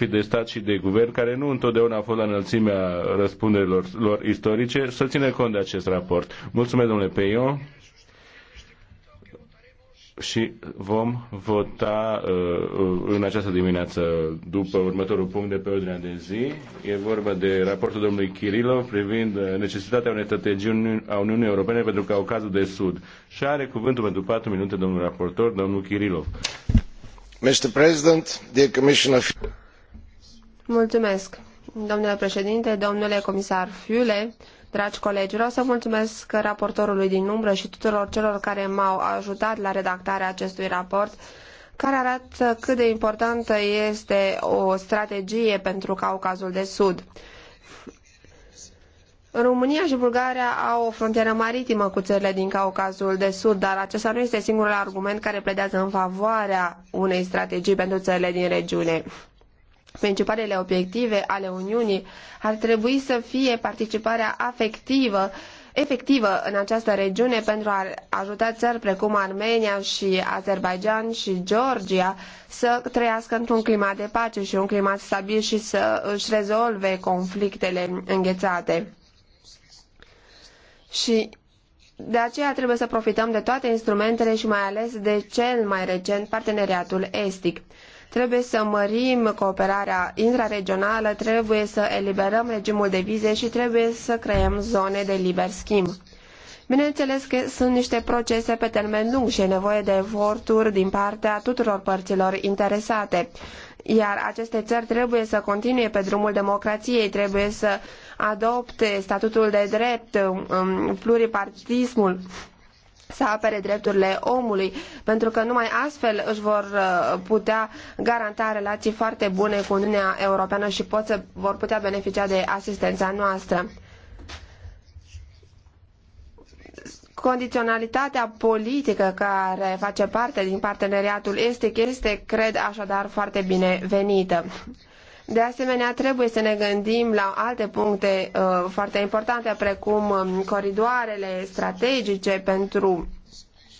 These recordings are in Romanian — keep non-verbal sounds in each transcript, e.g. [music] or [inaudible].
fi de stat și de guvern, care nu întotdeauna a fost la înălțimea răspunderilor lor istorice, să țină cont de acest raport. Mulțumesc, domnule Peio. și vom vota uh, în această dimineață după următorul punct de pe ordinea de zi. E vorba de raportul domnului Chirilo privind uh, necesitatea unei strategii a Uniunii Europene pentru cazul de Sud. Și are cuvântul pentru 4 minute domnul raportor, domnul Chirilov. Mr. President, dear Commissioner... Mulțumesc, domnule președinte, domnule comisar Fiule, dragi colegi, vreau să mulțumesc raportorului din umbră și tuturor celor care m-au ajutat la redactarea acestui raport care arată cât de importantă este o strategie pentru Caucazul de Sud. România și Bulgaria au o frontieră maritimă cu țările din Caucazul de Sud, dar acesta nu este singurul argument care pledează în favoarea unei strategii pentru țările din regiune principalele obiective ale Uniunii ar trebui să fie participarea afectivă efectivă în această regiune pentru a ajuta țări precum Armenia și Azerbaijan și Georgia să trăiască într-un climat de pace și un climat stabil și să își rezolve conflictele înghețate. Și de aceea trebuie să profităm de toate instrumentele și mai ales de cel mai recent parteneriatul estic. Trebuie să mărim cooperarea intraregională, trebuie să eliberăm regimul de vize și trebuie să creăm zone de liber schimb. Bineînțeles că sunt niște procese pe termen lung și e nevoie de eforturi din partea tuturor părților interesate. Iar aceste țări trebuie să continue pe drumul democrației, trebuie să adopte statutul de drept, um, pluripartismul, să apere drepturile omului, pentru că numai astfel își vor uh, putea garanta relații foarte bune cu Uniunea Europeană și pot să vor putea beneficia de asistența noastră. Condiționalitatea politică care face parte din parteneriatul estic este, cred, așadar foarte binevenită. De asemenea, trebuie să ne gândim la alte puncte uh, foarte importante, precum um, coridoarele strategice pentru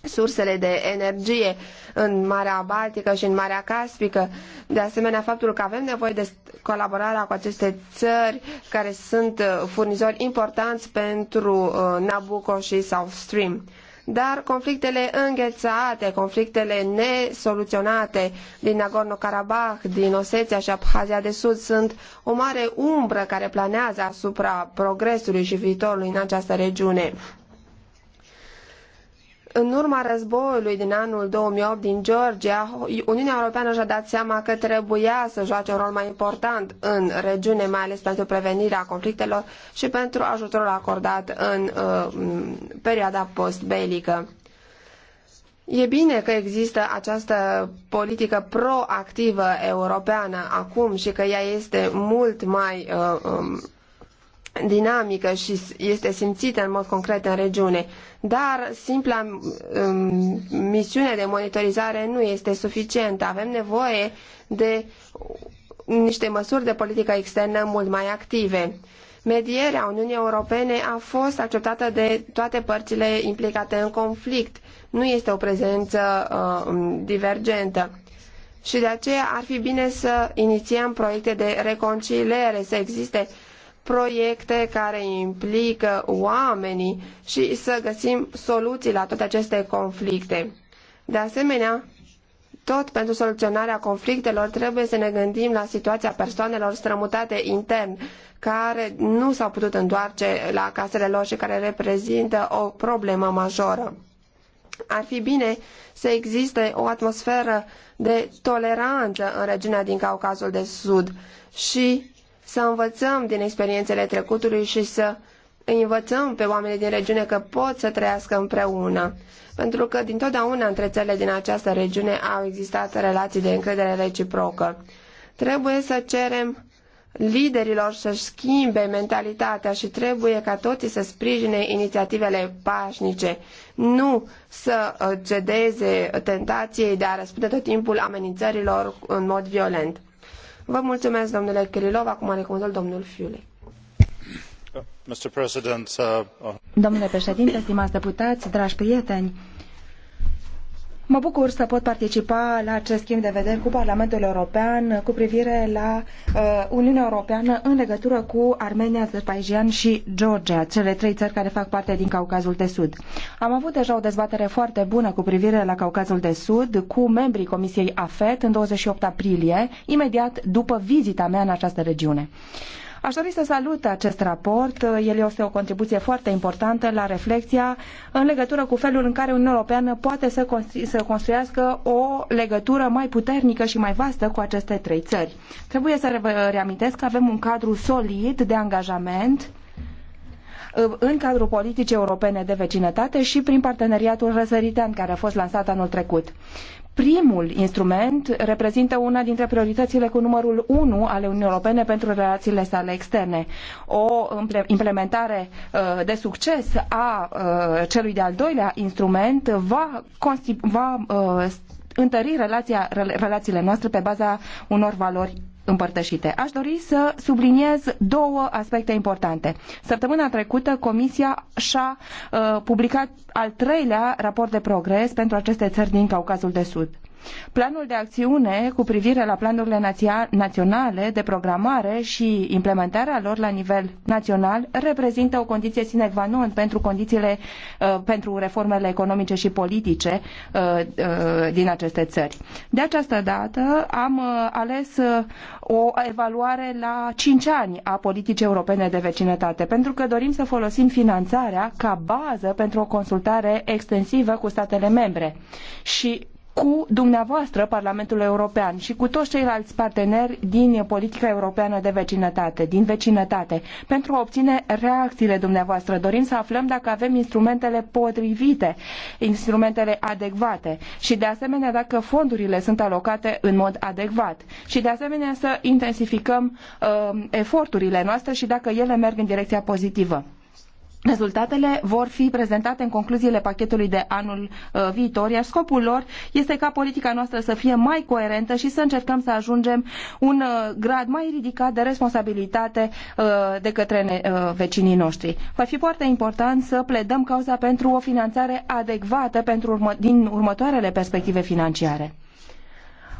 sursele de energie în Marea Baltică și în Marea Caspică. De asemenea, faptul că avem nevoie de colaborarea cu aceste țări care sunt uh, furnizori importanți pentru uh, Nabucco și South Stream dar conflictele înghețate, conflictele nesoluționate din Nagorno-Karabakh, din Osetia și Abhazia de Sud sunt o mare umbră care planează asupra progresului și viitorului în această regiune. În urma războiului din anul 2008 din Georgia, Uniunea Europeană și-a dat seama că trebuia să joace un rol mai important în regiune, mai ales pentru prevenirea conflictelor și pentru ajutorul acordat în uh, perioada postbelică. E bine că există această politică proactivă europeană acum și că ea este mult mai uh, um, dinamică și este simțită în mod concret în regiune, dar simpla um, misiune de monitorizare nu este suficientă. Avem nevoie de niște măsuri de politică externă mult mai active. Medierea Uniunii Europene a fost acceptată de toate părțile implicate în conflict. Nu este o prezență uh, divergentă. Și de aceea ar fi bine să inițiem proiecte de reconciliere, să existe proiecte care implică oamenii și să găsim soluții la toate aceste conflicte. De asemenea, tot pentru soluționarea conflictelor trebuie să ne gândim la situația persoanelor strămutate intern, care nu s-au putut întoarce la casele lor și care reprezintă o problemă majoră. Ar fi bine să existe o atmosferă de toleranță în regiunea din Caucazul de Sud și să învățăm din experiențele trecutului și să îi învățăm pe oamenii din regiune că pot să trăiască împreună. Pentru că dintotdeauna între țările din această regiune au existat relații de încredere reciprocă. Trebuie să cerem liderilor să-și schimbe mentalitatea și trebuie ca toții să sprijine inițiativele pașnice, nu să uh, cedeze tentației de a răspunde tot timpul amenințărilor în mod violent. Vă mulțumesc, domnule Kirilov. Acum are cuvântul domnul Fiule. Uh, domnule președinte, stimați deputați, dragi prieteni, Mă bucur să pot participa la acest schimb de vederi cu Parlamentul European cu privire la uh, Uniunea Europeană în legătură cu Armenia, Azerbaijan și Georgia, cele trei țări care fac parte din Caucazul de Sud. Am avut deja o dezbatere foarte bună cu privire la Caucazul de Sud cu membrii Comisiei AFET în 28 aprilie, imediat după vizita mea în această regiune. Aș dori să salut acest raport. El este o contribuție foarte importantă la reflexia în legătură cu felul în care Uniunea Europeană poate să, constru- să construiască o legătură mai puternică și mai vastă cu aceste trei țări. Trebuie să re- reamintesc că avem un cadru solid de angajament uh, în cadrul politicii europene de vecinătate și prin parteneriatul răsăritean care a fost lansat anul trecut. Primul instrument reprezintă una dintre prioritățile cu numărul 1 ale Uniunii Europene pentru relațiile sale externe. O implementare uh, de succes a uh, celui de-al doilea instrument va, va uh, întări relația, relațiile noastre pe baza unor valori împărtășite. Aș dori să subliniez două aspecte importante. Săptămâna trecută, Comisia și-a uh, publicat al treilea raport de progres pentru aceste țări din Caucazul de Sud. Planul de acțiune cu privire la planurile naționale de programare și implementarea lor la nivel național reprezintă o condiție sine qua non pentru condițiile uh, pentru reformele economice și politice uh, uh, din aceste țări. De această dată am ales o evaluare la 5 ani a politicii europene de vecinătate, pentru că dorim să folosim finanțarea ca bază pentru o consultare extensivă cu statele membre. Și cu dumneavoastră, Parlamentul European, și cu toți ceilalți parteneri din politica europeană de vecinătate, din vecinătate, pentru a obține reacțiile dumneavoastră. Dorim să aflăm dacă avem instrumentele potrivite, instrumentele adecvate și, de asemenea, dacă fondurile sunt alocate în mod adecvat și, de asemenea, să intensificăm uh, eforturile noastre și dacă ele merg în direcția pozitivă. Rezultatele vor fi prezentate în concluziile pachetului de anul uh, viitor, iar scopul lor este ca politica noastră să fie mai coerentă și să încercăm să ajungem un uh, grad mai ridicat de responsabilitate uh, de către ne, uh, vecinii noștri. Va fi foarte important să pledăm cauza pentru o finanțare adecvată pentru urmă, din următoarele perspective financiare.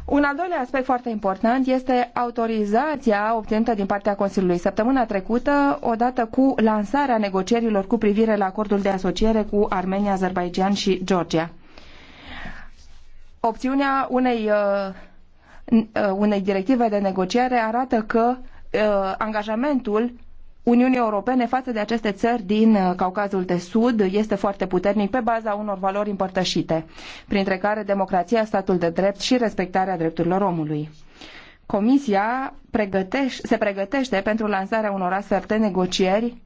Un al doilea aspect foarte important este autorizația obținută din partea Consiliului săptămâna trecută, odată cu lansarea negocierilor cu privire la acordul de asociere cu Armenia, Azerbaijan și Georgia. Opțiunea unei, uh, uh, unei directive de negociere arată că uh, angajamentul Uniunii Europene față de aceste țări din uh, Caucazul de Sud este foarte puternic pe baza unor valori împărtășite, printre care democrația, statul de drept și respectarea drepturilor omului. Comisia se pregătește pentru lansarea unor astfel de negocieri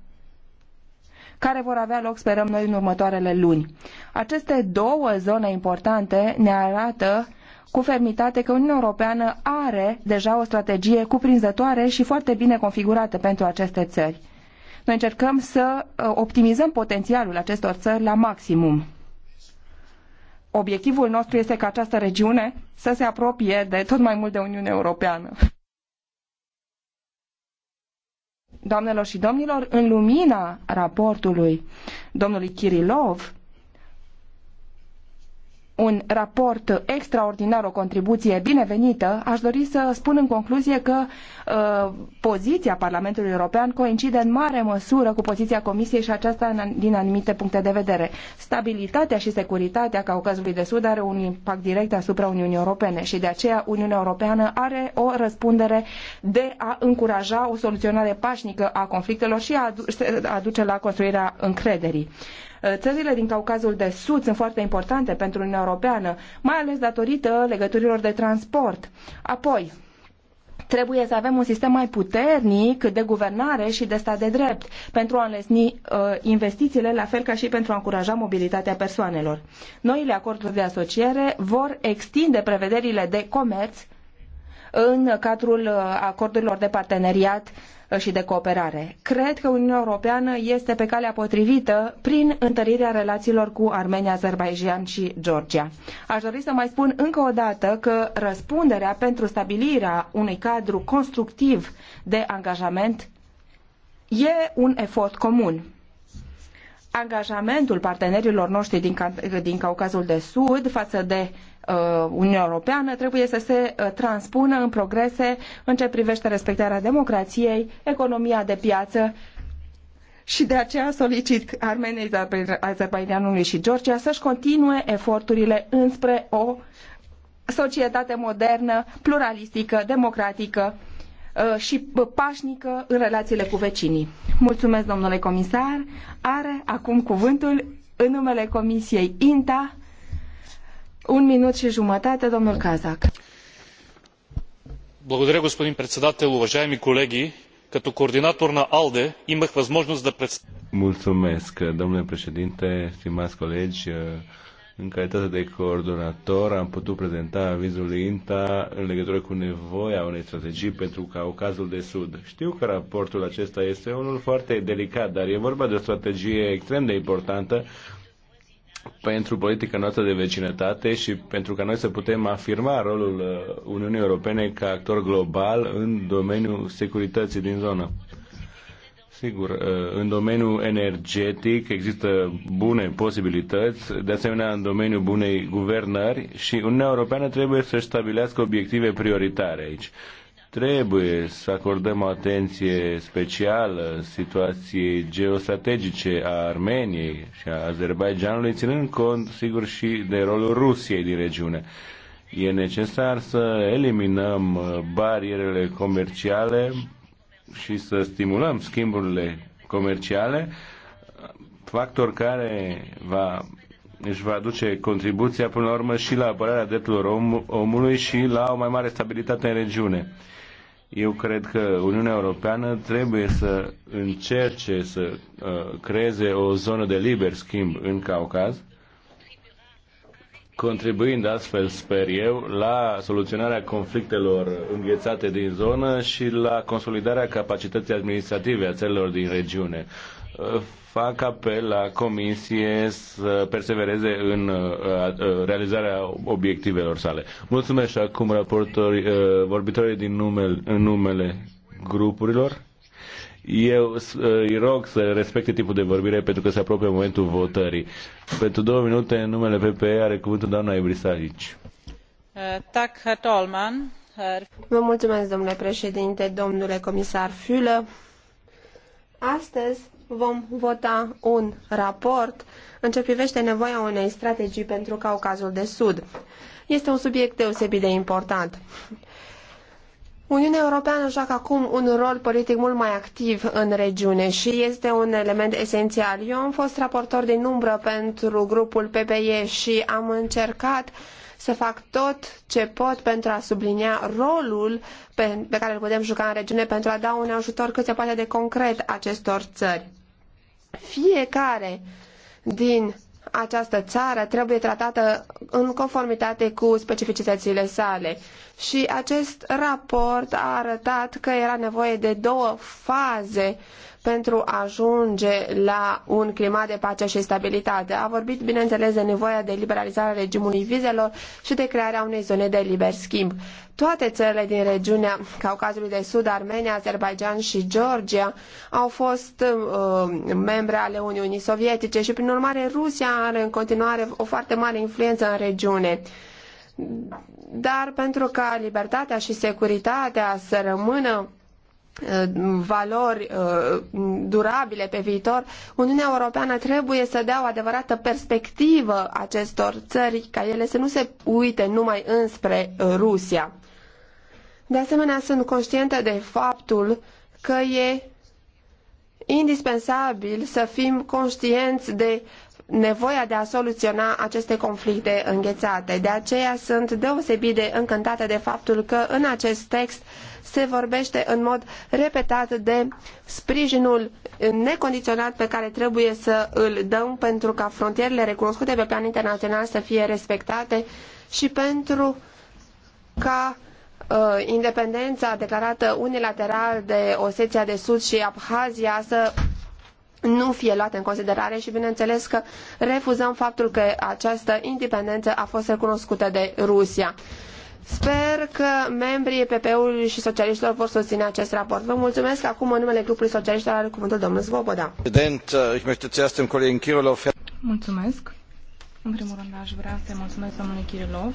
care vor avea loc, sperăm noi, în următoarele luni. Aceste două zone importante ne arată cu fermitate că Uniunea Europeană are deja o strategie cuprinzătoare și foarte bine configurată pentru aceste țări. Noi încercăm să uh, optimizăm potențialul acestor țări la maximum. Obiectivul nostru este ca această regiune să se apropie de tot mai mult de Uniunea Europeană. Doamnelor și domnilor, în lumina raportului domnului Kirilov, un raport extraordinar, o contribuție binevenită, aș dori să spun în concluzie că uh, poziția Parlamentului European coincide în mare măsură cu poziția Comisiei și aceasta în, din anumite puncte de vedere. Stabilitatea și securitatea Caucazului de Sud are un impact direct asupra Uniunii Europene și de aceea Uniunea Europeană are o răspundere de a încuraja o soluționare pașnică a conflictelor și a, aduce la construirea încrederii. Uh, țările din Caucazul de Sud sunt foarte importante pentru Uniunea Europeană, mai ales datorită legăturilor de transport. Apoi, trebuie să avem un sistem mai puternic de guvernare și de stat de drept pentru a înlesni uh, investițiile, la fel ca și pentru a încuraja mobilitatea persoanelor. Noile acorduri de asociere vor extinde prevederile de comerț în cadrul uh, acordurilor de parteneriat și de cooperare. Cred că Uniunea Europeană este pe calea potrivită prin întărirea relațiilor cu Armenia, Azerbaijan și Georgia. Aș dori să mai spun încă o dată că răspunderea pentru stabilirea unui cadru constructiv de angajament e un efort comun angajamentul partenerilor noștri din, din Caucazul de Sud față de uh, Uniunea Europeană trebuie să se uh, transpună în progrese în ce privește respectarea democrației, economia de piață și de aceea solicit Armeniei, Azerbaijanului și Georgia să-și continue eforturile înspre o societate modernă, pluralistică, democratică Uh, și pașnică în relațiile cu vecinii. Mulțumesc, domnule comisar. Are acum cuvântul în numele Comisiei INTA. Un minut și jumătate, domnul Kazak. Благодаря, господин председател, уважаеми колеги. Като координатор на АЛДЕ имах възможност да представя... Mulțumesc, domnule președinte, stimați colegi. În calitate de coordonator am putut prezenta avizul INTA în legătură cu nevoia unei strategii pentru Caucazul de Sud. Știu că raportul acesta este unul foarte delicat, dar e vorba de o strategie extrem de importantă pentru politica noastră de vecinătate și pentru ca noi să putem afirma rolul uh, Uniunii Europene ca actor global în domeniul securității din zonă. Sigur, uh, în domeniul energetic există bune posibilități, de asemenea în domeniul bunei guvernări și Uniunea Europeană trebuie să stabilească obiective prioritare aici. Trebuie să acordăm atenție specială situației geostrategice a Armeniei și a Azerbaijanului, ținând cont, sigur, și de rolul Rusiei din regiune. E necesar să eliminăm barierele comerciale și să stimulăm schimburile comerciale, factor care va, își va aduce contribuția până la urmă și la apărarea drepturilor om, omului și la o mai mare stabilitate în regiune. Eu cred că Uniunea Europeană trebuie să încerce să uh, creeze o zonă de liber schimb în Caucaz, contribuind astfel, sper eu, la soluționarea conflictelor înghețate din zonă și la consolidarea capacității administrative a țărilor din regiune. Uh, fac apel la Comisie să persevereze în uh, uh, realizarea obiectivelor sale. Mulțumesc și acum raportori, vorbitorii din numele, în numele grupurilor. Eu îi rog să respecte timpul de vorbire pentru că se apropie momentul votării. Pentru două minute, în numele PPE are cuvântul doamna Ebrisalici. Eh, tak, Herr Tolman. Vă mulțumesc, domnule președinte, domnule comisar Fülă. Astăzi vom vota un raport în ce privește nevoia unei strategii pentru Caucazul de Sud. Este un subiect deosebit de important. Uniunea Europeană joacă acum un rol politic mult mai activ în regiune și este un element esențial. Eu am fost raportor din umbră pentru grupul PPE și am încercat să fac tot ce pot pentru a sublinia rolul pe, pe care îl putem juca în regiune pentru a da un ajutor cât se poate de concret acestor țări. Fiecare din această țară trebuie tratată în conformitate cu specificitățile sale. Și acest raport a arătat că era nevoie de două faze uh, pentru a ajunge la un climat de pace și stabilitate. A vorbit, bineînțeles, de nevoia de liberalizare a regimului vizelor și de crearea unei zone de liber schimb. Toate țările din regiunea Caucazului de Sud, Armenia, Azerbaijan și Georgia au fost uh, membre ale Uniunii Sovietice și, prin urmare, Rusia are în continuare o foarte mare influență în regiune. Dar pentru ca libertatea și securitatea să rămână Uh, valori uh, durabile pe viitor, Uniunea Europeană trebuie să dea o adevărată perspectivă acestor țări, ca ele să nu se uite numai înspre uh, Rusia. De asemenea, sunt conștientă de faptul că e indispensabil să fim conștienți de nevoia de a soluționa aceste conflicte înghețate. De aceea sunt deosebit de încântată de faptul că în acest text se vorbește în mod repetat de sprijinul necondiționat pe care trebuie să îl dăm pentru ca frontierele recunoscute pe plan internațional să fie respectate și pentru ca uh, independența declarată unilateral de Osetia de Sud și Abhazia să nu fie luate în considerare și bineînțeles că refuzăm faptul că această independență a fost recunoscută de Rusia. Sper că membrii PP-ului și socialiștilor vor susține acest raport. Vă mulțumesc. Acum, în numele grupului socialiștilor, are cuvântul domnul Svoboda. Uh, mulțumesc. În primul rând, aș vrea să-i mulțumesc domnului Kirilov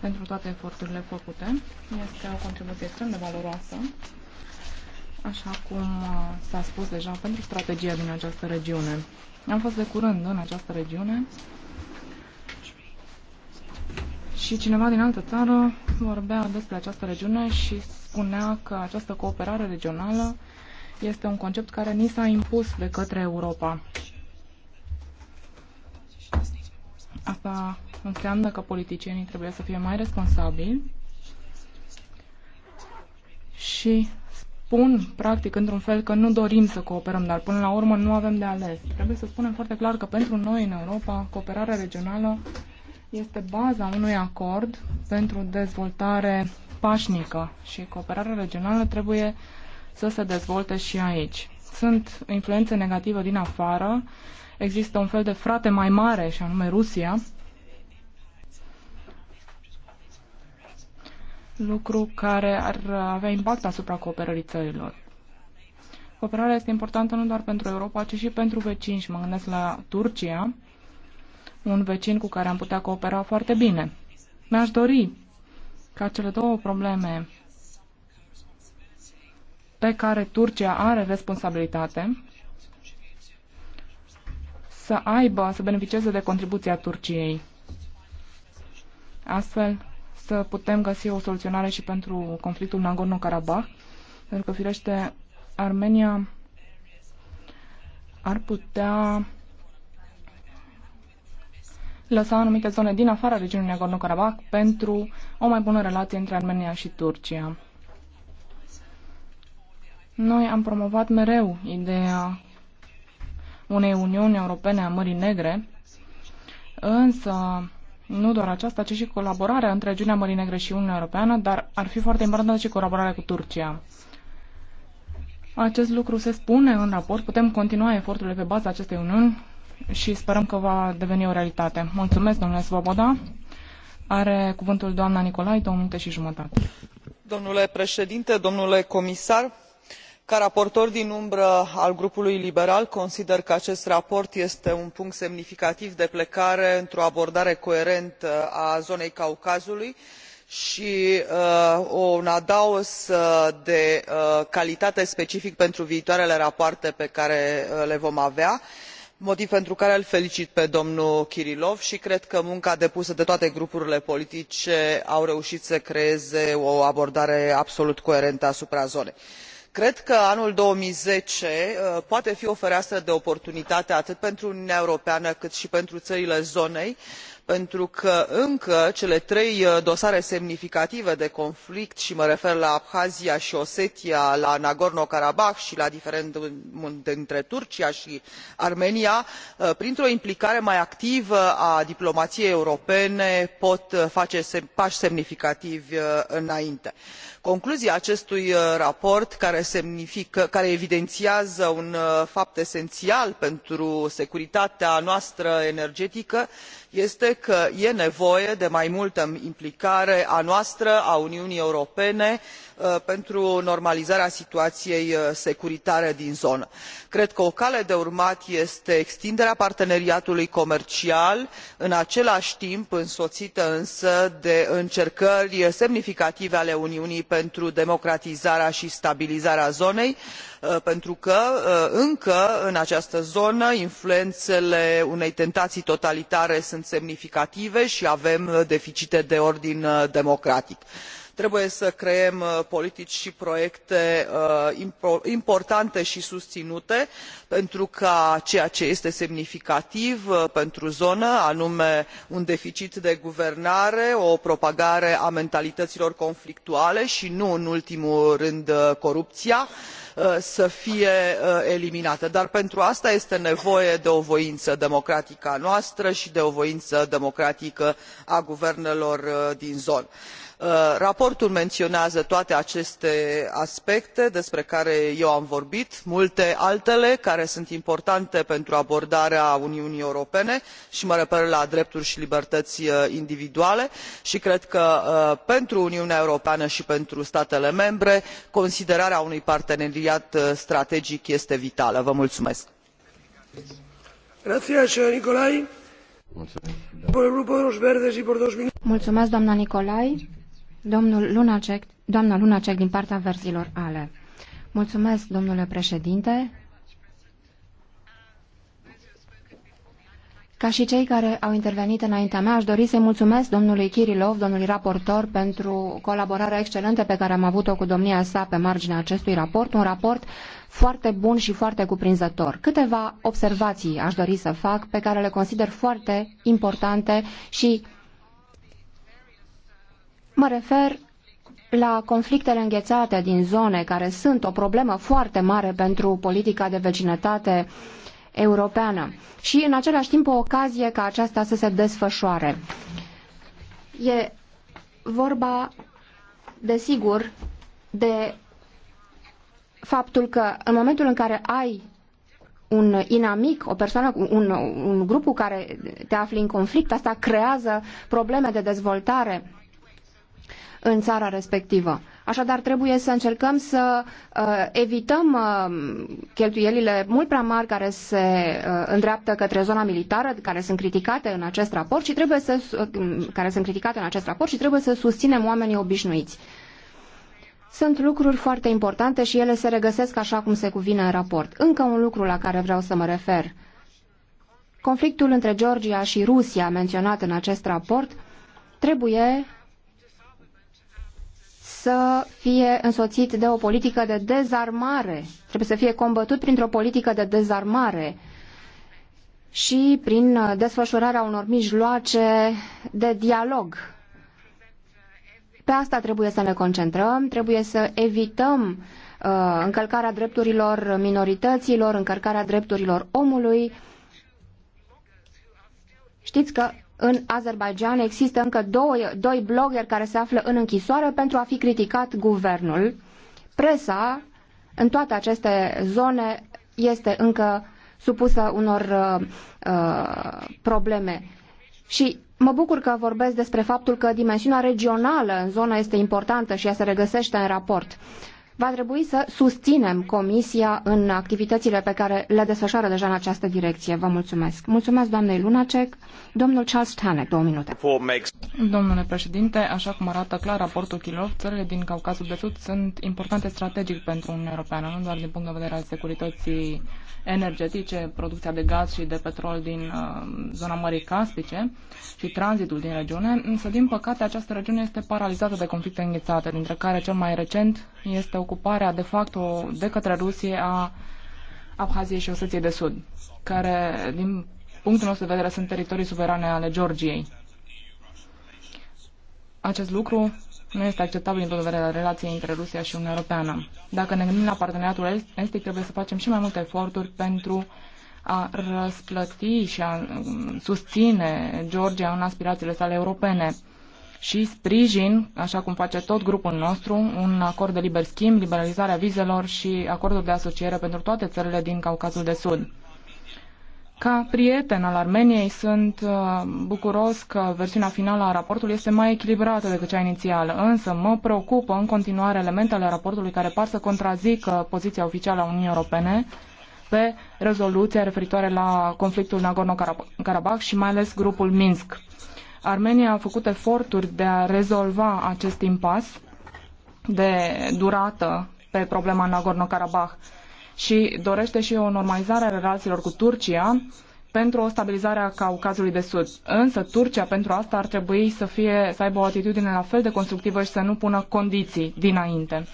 pentru toate eforturile făcute. Este o contribuție extrem de valoroasă așa cum uh, s-a spus deja, pentru strategia din această regiune. Am fost de curând în această regiune și cineva din altă țară vorbea despre această regiune și spunea că această cooperare regională este un concept care ni s-a impus de către Europa. Asta înseamnă că politicienii trebuie să fie mai responsabili și spun, practic, într-un fel că nu dorim să cooperăm, dar până la urmă nu avem de ales. Trebuie să spunem foarte clar că pentru noi în Europa, cooperarea regională este baza unui acord pentru dezvoltare pașnică și cooperarea regională trebuie să se dezvolte și aici. Sunt influențe negative din afară, există un fel de frate mai mare, și anume Rusia, lucru care ar avea impact asupra cooperării țărilor. Cooperarea este importantă nu doar pentru Europa, ci și pentru vecini și mă gândesc la Turcia, un vecin cu care am putea coopera foarte bine. Mi-aș dori ca cele două probleme pe care Turcia are responsabilitate să aibă, să beneficieze de contribuția Turciei. Astfel, să putem găsi o soluționare și pentru conflictul Nagorno-Karabakh, pentru că, firește, Armenia ar putea lăsa anumite zone din afara regiunii Nagorno-Karabakh pentru o mai bună relație între Armenia și Turcia. Noi am promovat mereu ideea unei Uniuni Europene a Mării Negre, însă nu doar aceasta, ci și colaborarea între regiunea Mării Negre și Uniunea Europeană, dar ar fi foarte importantă și colaborarea cu Turcia. Acest lucru se spune în raport, putem continua eforturile pe baza acestei uniuni și sperăm că va deveni o realitate. Mulțumesc, domnule Svoboda. Are cuvântul doamna Nicolai, două minute și jumătate. Domnule președinte, domnule comisar, ca raportor din umbră al grupului liberal consider că acest raport este un punct semnificativ de plecare într o abordare coerentă a zonei caucazului i uh, un adaos uh, de uh, calitate specific pentru viitoarele rapoarte pe care le vom avea motiv pentru care îl felicit pe domnul kirilov i cred că munca depusă de toate grupurile politice a reuit să creeze o abordare absolut coerentă asupra zonei cred că anul două mii zece uh, poate fi o fereastră de oportunitate atât pentru uniunea europeană cât i pentru ările zonei pentru pentru că încă cele trei uh, dosare semnificative de conflict i mă refer la abhazia i osetia la nagorno karabah i la diferendumul dintre turcia i armenia uh, printr o implicare mai activă a diplomaiei europene pot uh, face pai semnificativi înainte. concluzia acestui raport care evideniază un fapt esenial pentru securitatea noastră energetică este că e nevoie de mai multă implicare a noastră a uniunii europene i Uh, pentru normalizarea situaiei uh, securitare din zonă. cred că o cale de urmat este extinderea parteneriatului comercial în acelai timp însoită însă de încercări semnificative ale uniunii pentru democratizarea i stabilizarea zonei uh, pentru că încă în această zonă influenele unei tentaii totalitare sunt semnificative i avem deficite de ordin democratic trebuie să creăm uh, politici i proiecte uh, importante i susinute pentru ca ceea ce este semnificativ uh, pentru zonă anume un deficit de guvernare o propagare a mentalităilor conflictuale i nu în ultimul rând corupia să fie eliminată. dar pentru aceasta este nevoie de o voină democratică a noastră i de o voină democratică a guvernelor din zonă. Uh, raportul menionează toate aceste aspecte despre care eu am vorbit multe altele care sunt importante pentru abordarea uniunii europene i mă refer la drepturi i libertăi uh, individuale i cred că uh, pentru uniunea europeană i pentru statele membre considerarea unui parteneriat strategic este vitală. vă mulumesc. Mulțumesc, Nicolai. Domnul Lunacek, doamna Lunacek din partea verzilor ale. Mulțumesc, domnule președinte. Ca și cei care au intervenit înaintea mea, aș dori să-i mulțumesc domnului Kirilov, domnului raportor, pentru colaborarea excelentă pe care am avut-o cu domnia sa pe marginea acestui raport, un raport foarte bun și foarte cuprinzător. Câteva observații aș dori să fac pe care le consider foarte importante și Mă refer la conflictele înghețate din zone care sunt o problemă foarte mare pentru politica de vecinătate europeană și în același timp o ocazie ca aceasta să se desfășoare. E vorba, desigur, de faptul că în momentul în care ai un inamic, o persoană, un, un grup cu care te afli în conflict, asta creează probleme de dezvoltare în țara respectivă. Așadar, trebuie să încercăm să uh, evităm uh, cheltuielile mult prea mari care se uh, îndreaptă către zona militară, care sunt criticate în acest raport și trebuie să, uh, care sunt criticate în acest raport și trebuie să susținem oamenii obișnuiți. Sunt lucruri foarte importante și ele se regăsesc așa cum se cuvine în raport. Încă un lucru la care vreau să mă refer. Conflictul între Georgia și Rusia menționat în acest raport trebuie să fie însoțit de o politică de dezarmare. Trebuie să fie combătut printr-o politică de dezarmare și prin desfășurarea unor mijloace de dialog. Pe asta trebuie să ne concentrăm, trebuie să evităm uh, încălcarea drepturilor minorităților, încălcarea drepturilor omului. Știți că în Azerbaijan există încă doi, doi blogeri care se află în închisoare pentru a fi criticat guvernul. Presa în toate aceste zone este încă supusă unor uh, uh, probleme. Și mă bucur că vorbesc despre faptul că dimensiunea regională în zonă este importantă și ea se regăsește în raport. Uh, va trebui să susținem Comisia în activitățile pe care le desfășoară deja în această direcție. Vă mulțumesc. Mulțumesc doamnei Lunacek. Domnul Charles Tanec, două minute. Domnule președinte, așa cum arată clar raportul Chilov, țările din Caucazul de Sud sunt importante strategic pentru Uniunea Europeană, nu doar din punct de vedere al securității energetice, producția de gaz și de petrol din uh, zona Mării Caspice și tranzitul din regiune, însă din păcate această regiune este paralizată de conflicte înghețate, dintre care cel mai recent este ocuparea de fapt de către Rusie a Abhaziei și Osetiei de Sud, care, din punctul nostru de vedere, sunt teritorii suverane ale Georgiei. Acest lucru nu este acceptabil din punct de vedere al relației între Rusia și Uniunea Europeană. Dacă ne gândim la parteneriatul estic, trebuie să facem și mai multe eforturi pentru a răsplăti și a um, susține Georgia în aspirațiile sale europene și sprijin, așa cum face tot grupul nostru, un acord de liber schimb, liberalizarea vizelor și acorduri de asociere pentru toate țările din Caucazul de Sud. Ca prieten al Armeniei sunt uh, bucuros că versiunea finală a raportului este mai echilibrată decât cea inițială, însă mă preocupă în continuare elementele raportului care par să contrazică poziția oficială a Uniunii Europene pe rezoluția referitoare la conflictul Nagorno-Karabakh și mai ales grupul Minsk. Armenia a făcut eforturi de a rezolva acest impas de durată pe problema Nagorno-Karabakh și dorește și o normalizare a relațiilor cu Turcia pentru o stabilizare a Caucazului de Sud. Însă Turcia pentru asta ar trebui să, fie, să aibă o atitudine la fel de constructivă și să nu pună condiții dinainte.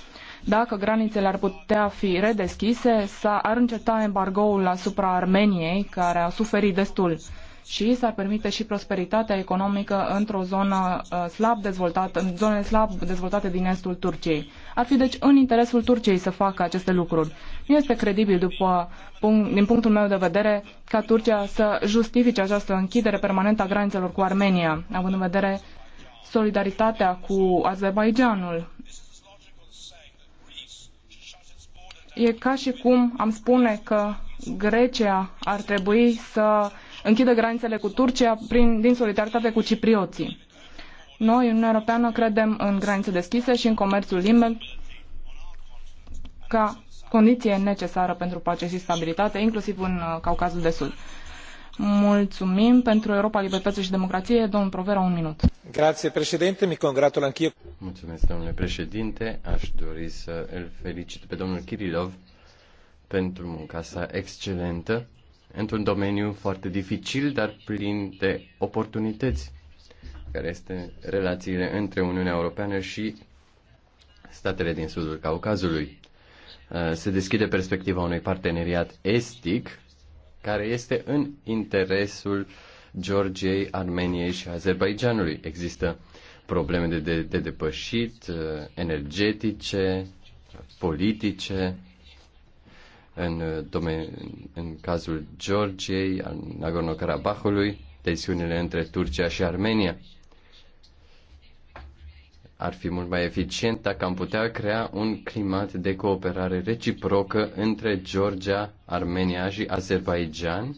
Dacă granițele ar putea fi redeschise, ar înceta embargoul asupra Armeniei, care a suferit destul și s-ar permite și prosperitatea economică într-o zonă uh, slab dezvoltată, în zone slab dezvoltate din estul Turciei. Ar fi deci în interesul Turciei să facă aceste lucruri. Nu este credibil, după, din punctul meu de vedere, ca Turcia să justifice această închidere permanentă a granițelor cu Armenia, având în vedere solidaritatea cu Azerbaijanul. E ca și cum am spune că Grecia ar trebui să închidă granițele cu Turcia prin, din solidaritate cu ciprioții. Noi, Uniunea Europeană, credem în granițe deschise și în comerțul liber ca condiție necesară pentru pace și stabilitate, inclusiv în uh, Caucazul de Sud. Mulțumim pentru Europa Libertății și Democrație. Domnul Provera, un minut. Grație, președinte. Mi congratul anch'io. Mulțumesc, domnule președinte. Aș dori să îl felicit pe domnul Kirilov pentru munca sa excelentă într-un domeniu foarte dificil, dar plin de oportunități, care este relațiile între Uniunea Europeană și statele din sudul Caucazului. Uh, se deschide perspectiva unui parteneriat estic care este în interesul Georgiei, Armeniei și Azerbaijanului. Există probleme de, de, de depășit, uh, energetice, politice în, uh, în cazul Georgiei, Nagorno-Karabahului, tensiunile între Turcia și Armenia. Ar fi mult mai eficient dacă am putea crea un climat de cooperare reciprocă între Georgia, Armenia și Azerbaijan,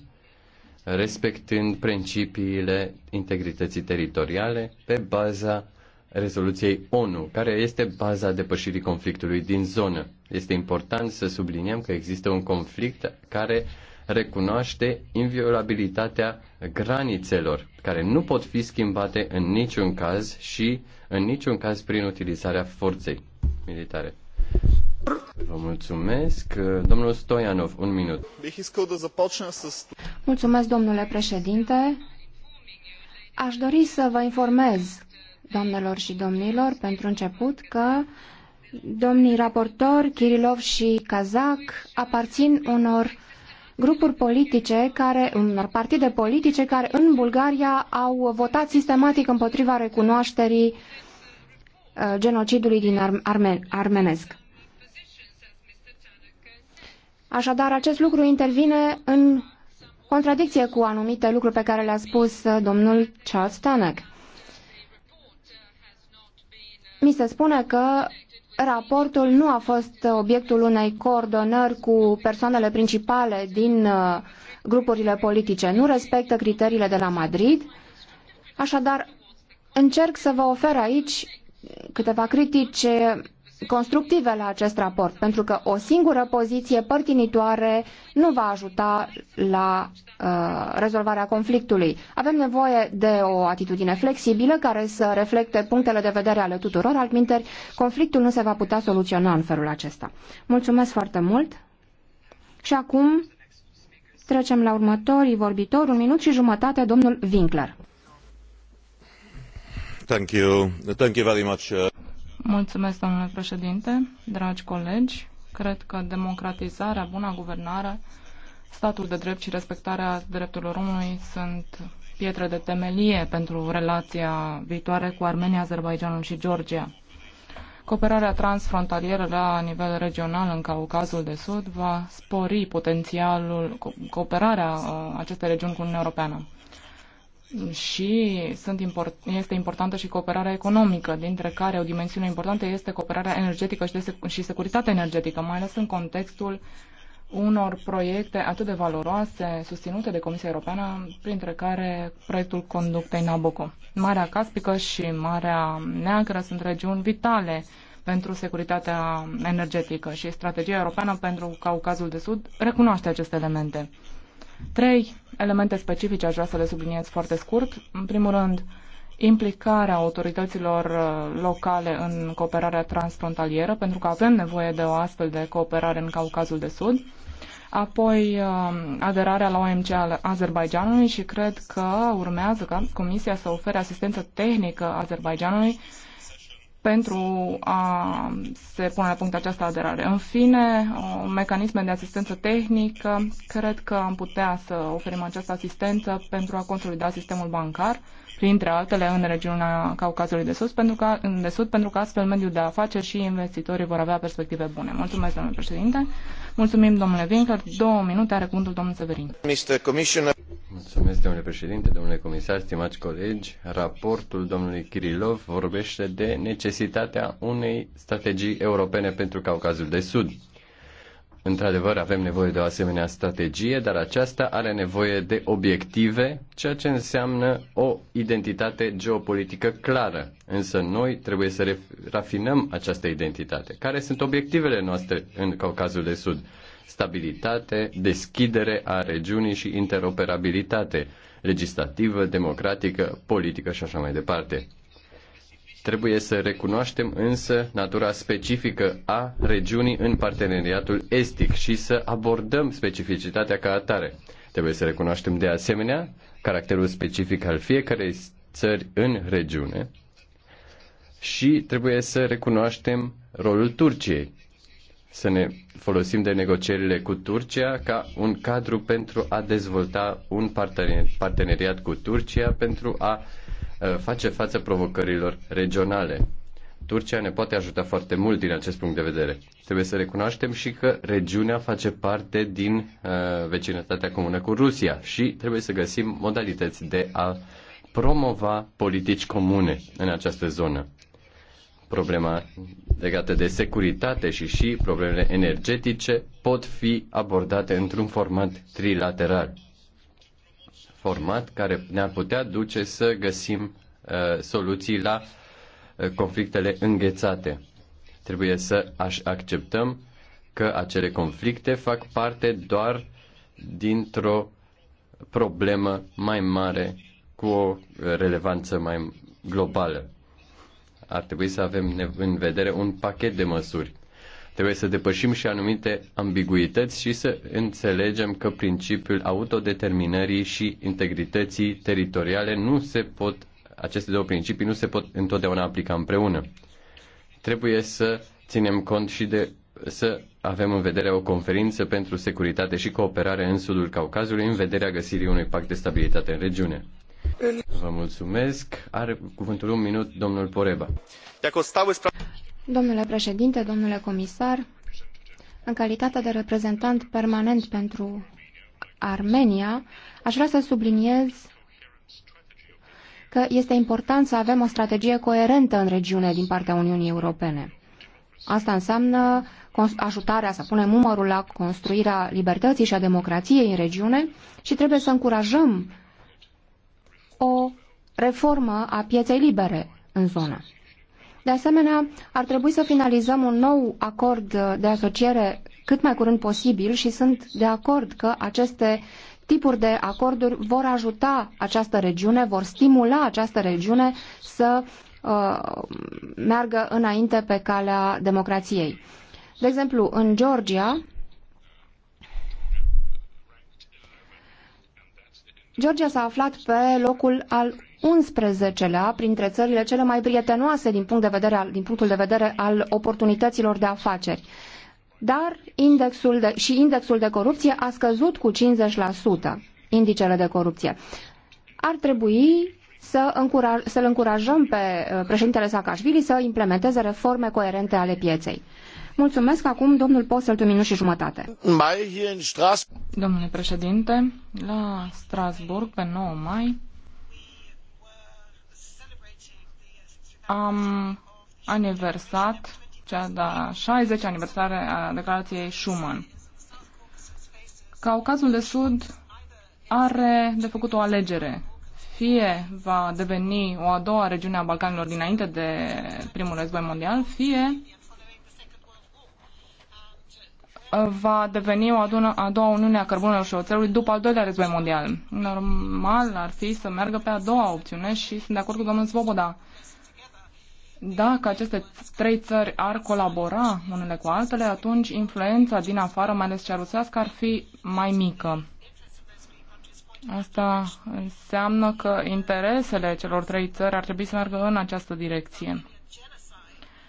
respectând principiile integrității teritoriale pe baza rezoluției ONU, care este baza depășirii conflictului din zonă. Este important să subliniem că există un conflict care recunoaște inviolabilitatea granițelor, care nu pot fi schimbate în niciun caz și în niciun caz prin utilizarea forței militare. Vă mulțumesc. Domnul Stoianov, un minut. Mulțumesc, domnule președinte. Aș dori să vă informez doamnelor și domnilor, pentru început că domnii raportori, Kirilov și Kazak, aparțin unor grupuri politice care, unor partide politice care în Bulgaria au votat sistematic împotriva recunoașterii uh, genocidului din Armen armenesc. Așadar, acest lucru intervine în contradicție cu anumite lucruri pe care le-a spus uh, domnul Charles Tannock mi se spune că raportul nu a fost obiectul unei coordonări cu persoanele principale din uh, grupurile politice. Nu respectă criteriile de la Madrid. Așadar, încerc să vă ofer aici câteva critici constructive la acest raport, pentru că o singură poziție părtinitoare nu va ajuta la uh, rezolvarea conflictului. Avem nevoie de o atitudine flexibilă care să reflecte punctele de vedere ale tuturor, altminteri conflictul nu se va putea soluționa în felul acesta. Mulțumesc foarte mult și acum trecem la următorii vorbitori, un minut și jumătate, domnul Winkler. Thank you. Thank you very much. Uh, Mulțumesc, domnule președinte, dragi colegi. Cred că democratizarea, buna guvernare, statul de drept și respectarea drepturilor omului sunt pietre de temelie pentru relația viitoare cu Armenia, Azerbaijanul și Georgia. Cooperarea transfrontalieră la nivel regional în Caucazul de Sud va spori potențialul cooperarea uh, acestei regiuni cu Uniunea Europeană și sunt import, este importantă și cooperarea economică, dintre care o dimensiune importantă este cooperarea energetică și, de, și securitatea energetică, mai ales în contextul unor proiecte atât de valoroase susținute de Comisia Europeană, printre care proiectul conductei Nabucco. Marea Caspică și Marea Neagră sunt regiuni vitale pentru securitatea energetică și strategia europeană pentru Caucazul de Sud recunoaște aceste elemente. Trei elemente specifice aș vrea să le subliniez foarte scurt. În primul rând, implicarea autorităților uh, locale în cooperarea transfrontalieră, pentru că avem nevoie de o astfel de cooperare în Caucazul de Sud. Apoi uh, aderarea la OMC al Azerbaijanului și cred că urmează ca Comisia să ofere asistență tehnică Azerbaijanului pentru a se pune la punct această aderare. În fine, mecanisme de asistență tehnică, cred că am putea să oferim această asistență pentru a consolida sistemul bancar printre altele în regiunea Caucazului de, Sus, pentru că, de Sud, pentru că astfel mediul de afaceri și investitorii vor avea perspective bune. Mulțumesc, domnule președinte. Mulțumim, domnule Winkler. Două minute are cuvântul domnul Severin. Mulțumesc, domnule președinte, domnule comisar, stimați colegi. Raportul domnului Kirilov vorbește de necesitatea unei strategii europene pentru Caucazul de Sud. Într-adevăr, avem nevoie de o asemenea strategie, dar aceasta are nevoie de obiective, ceea ce înseamnă o identitate geopolitică clară. Însă noi trebuie să rafinăm această identitate. Care sunt obiectivele noastre în Caucazul de Sud? Stabilitate, deschidere a regiunii și interoperabilitate legislativă, democratică, politică și așa mai departe. Trebuie să recunoaștem însă natura specifică a regiunii în parteneriatul estic și să abordăm specificitatea ca atare. Trebuie să recunoaștem de asemenea caracterul specific al fiecarei țări în regiune și trebuie să recunoaștem rolul Turciei. Să ne folosim de negocierile cu Turcia ca un cadru pentru a dezvolta un parteneriat cu Turcia pentru a Eh, face față provocărilor regionale. Turcia ne poate ajuta foarte mult din acest punct de vedere. Trebuie să recunoaștem și că regiunea face parte din uh, vecinătatea comună cu Rusia și trebuie să găsim modalități de a promova politici comune în această zonă. Problema legată de securitate și și problemele energetice pot fi abordate într-un format trilateral format care ne-ar putea duce să găsim uh, soluții la uh, conflictele înghețate. Trebuie să acceptăm că acele conflicte fac parte doar dintr-o problemă mai mare cu o relevanță mai globală. Ar trebui să avem în vedere un pachet de măsuri Trebuie să depășim și anumite ambiguități și să înțelegem că principiul autodeterminării și integrității teritoriale nu se pot, aceste două principii nu se pot întotdeauna aplica împreună. Trebuie să ținem cont și de să avem în vedere o conferință pentru securitate și cooperare în sudul Caucazului în vederea găsirii unui pact de stabilitate în regiune. Vă mulțumesc. Are cuvântul un minut domnul Poreba. Domnule președinte, domnule comisar, în calitate de reprezentant permanent pentru Armenia, aș vrea să subliniez că este important să avem o strategie coerentă în regiune din partea Uniunii Europene. Asta înseamnă ajutarea să punem numărul la construirea libertății și a democrației în regiune și trebuie să încurajăm o reformă a pieței libere în zonă. De asemenea, ar trebui să finalizăm un nou acord de asociere cât mai curând posibil și sunt de acord că aceste tipuri de acorduri vor ajuta această regiune, vor stimula această regiune să uh, meargă înainte pe calea democrației. De exemplu, în Georgia, Georgia s-a aflat pe locul al 11-lea printre țările cele mai prietenoase din, punct de vedere, al, din punctul de vedere al oportunităților de afaceri. Dar indexul de, și indexul de corupție a scăzut cu 50%, indicele de corupție. Ar trebui să încuraj, să-l încurajăm pe uh, președintele Saakashvili să implementeze reforme coerente ale pieței. Mulțumesc acum domnul Postel, un minut și jumătate. Mai, în Stras... Domnule președinte, la Strasburg, pe 9 mai, am aniversat cea de 60 aniversare a declarației Schuman. Caucazul de Sud are de făcut o alegere. Fie va deveni o a doua regiune a Balcanilor dinainte de primul război mondial, fie va deveni o a doua Uniune a Cărbunelor și Oțelului după al doilea război mondial. Normal ar fi să meargă pe a doua opțiune și sunt de acord cu domnul Svoboda dacă aceste trei țări ar colabora unele cu altele, atunci influența din afară, mai ales cea rusească, ar fi mai mică. Asta înseamnă că interesele celor trei țări ar trebui să meargă în această direcție.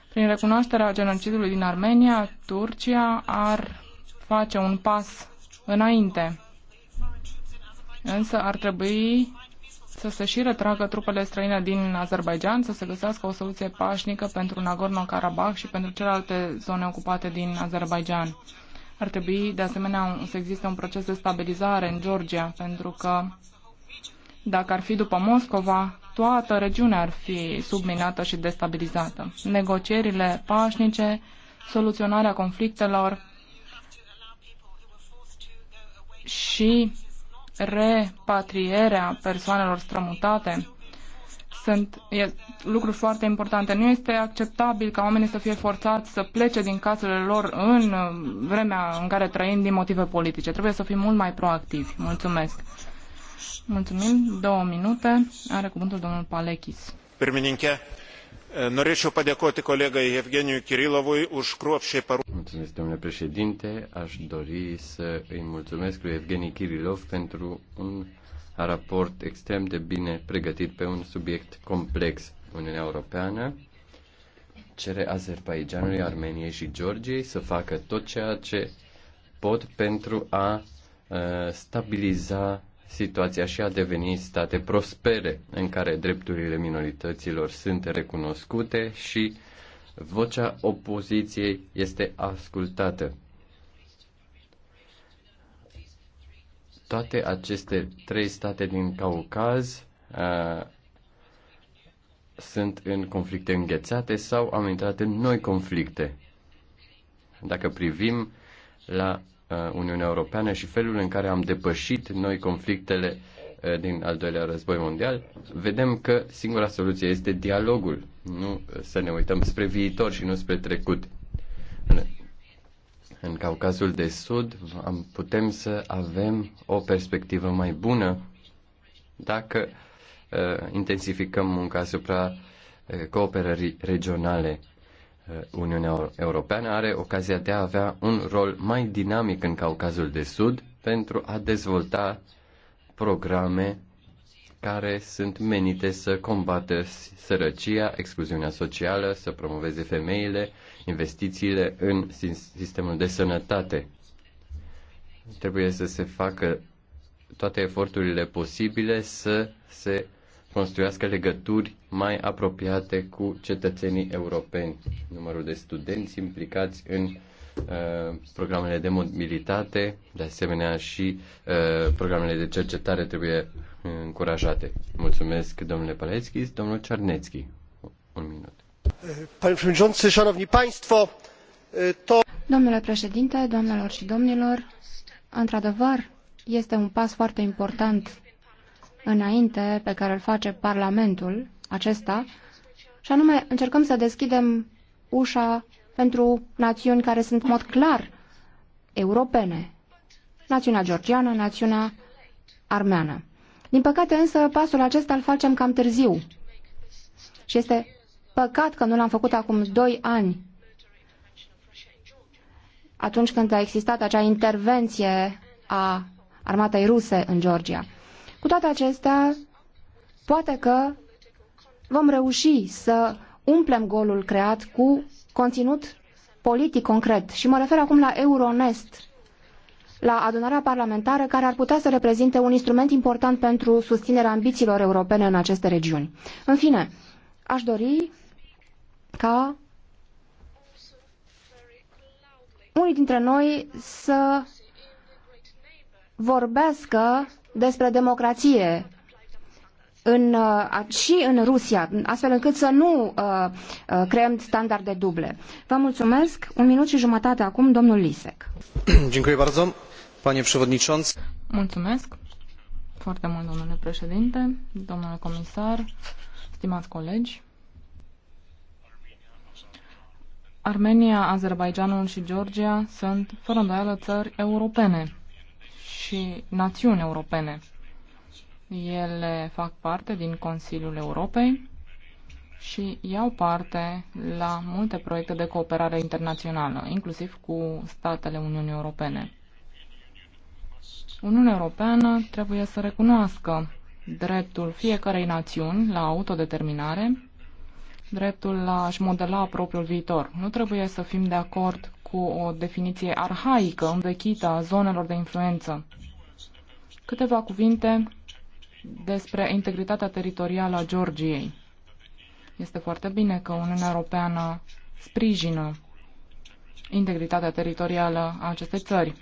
Prin recunoașterea genocidului din Armenia, Turcia ar face un pas înainte. Însă ar trebui să se și retragă trupele străine din Azerbaijan, să se găsească o soluție pașnică pentru Nagorno-Karabakh și pentru celelalte zone ocupate din Azerbaijan. Ar trebui, de asemenea, să existe un proces de stabilizare în Georgia, pentru că dacă ar fi după Moscova, toată regiunea ar fi subminată și destabilizată. Negocierile pașnice, soluționarea conflictelor și repatrierea persoanelor strămutate sunt e, lucruri foarte importante. Nu este acceptabil ca oamenii să fie forțați să plece din casele lor în uh, vremea în care trăim din motive politice. Trebuie să fim mult mai proactivi. Mulțumesc. Mulțumim. Două minute. Are cuvântul domnul Palechis. Permininche, Э, Norėčiau padėkoti kolegai Evgenijui Kirilovui už kruopšiai parūpintą. Mulțumesc, domnule președinte. Aș dori să îi mulțumesc lui Evgenii Kirilov pentru un raport extrem de bine pregătit pe un subiect complex. Uniunea Europeană cere Azerbaijanului, Armeniei și Georgiei să facă tot ceea ce pot pentru a uh, stabiliza situația și a devenit state prospere, în care drepturile minorităților sunt recunoscute și vocea opoziției este ascultată. Toate aceste trei state din Caucaz uh, sunt în conflicte înghețate sau au intrat în noi conflicte. Dacă privim la Uh, Uniunea Europeană și felul în care am depășit noi conflictele uh, din al doilea război mondial, vedem că singura soluție este dialogul, nu uh, să ne uităm spre viitor și nu spre trecut. În Caucazul de Sud am, putem să avem o perspectivă mai bună dacă uh, intensificăm munca asupra uh, cooperării regionale Eh, Uniunea Europeană are ocazia de a avea un rol mai dinamic în Caucazul de Sud pentru a dezvolta programe care sunt menite să combată sărăcia, excluziunea socială, să promoveze femeile, investițiile în sistemul de sănătate. Trebuie să se facă toate eforturile posibile să se construiască legături mai apropiate cu cetățenii europeni. Numărul de studenți implicați în uh, programele de mobilitate, de asemenea și uh, programele de cercetare trebuie încurajate. Mulțumesc, domnule Palețchi, domnul Czarnecki. Un minut. Państwo, to... Domnule președinte, doamnelor și domnilor, într-adevăr, este un pas foarte important înainte pe care îl face Parlamentul acesta, și anume încercăm să deschidem ușa pentru națiuni care sunt în mod clar europene. Națiunea georgiană, națiunea armeană. Din păcate însă pasul acesta îl facem cam târziu. Și este păcat că nu l-am făcut acum doi ani, atunci când a existat acea intervenție a armatei ruse în Georgia. Cu toate acestea, poate că vom reuși să umplem golul creat cu conținut politic concret. Și mă refer acum la Euronest, la adunarea parlamentară care ar putea să reprezinte un instrument important pentru susținerea ambițiilor europene în aceste regiuni. În fine, aș dori ca unii dintre noi să vorbească despre democrație în, uh, și în Rusia, astfel încât să nu uh, uh, creăm standarde duble. Vă mulțumesc. Un minut și jumătate acum, domnul Lisek. [clears throat] panie przewodniczący. Mulțumesc foarte mult, domnule președinte, domnule comisar, stimați colegi. Armenia, Azerbaijanul și Georgia sunt, fără îndoială, țări europene și națiuni europene. Ele fac parte din Consiliul Europei și iau parte la multe proiecte de cooperare internațională, inclusiv cu statele Uniunii Europene. Uniunea Europeană trebuie să recunoască dreptul fiecarei națiuni la autodeterminare, dreptul la a-și modela propriul viitor. Nu trebuie să fim de acord cu o definiție arhaică, învechită a zonelor de influență. Câteva cuvinte despre integritatea teritorială a Georgiei. Este foarte bine că Uniunea Europeană sprijină integritatea teritorială a acestei țări.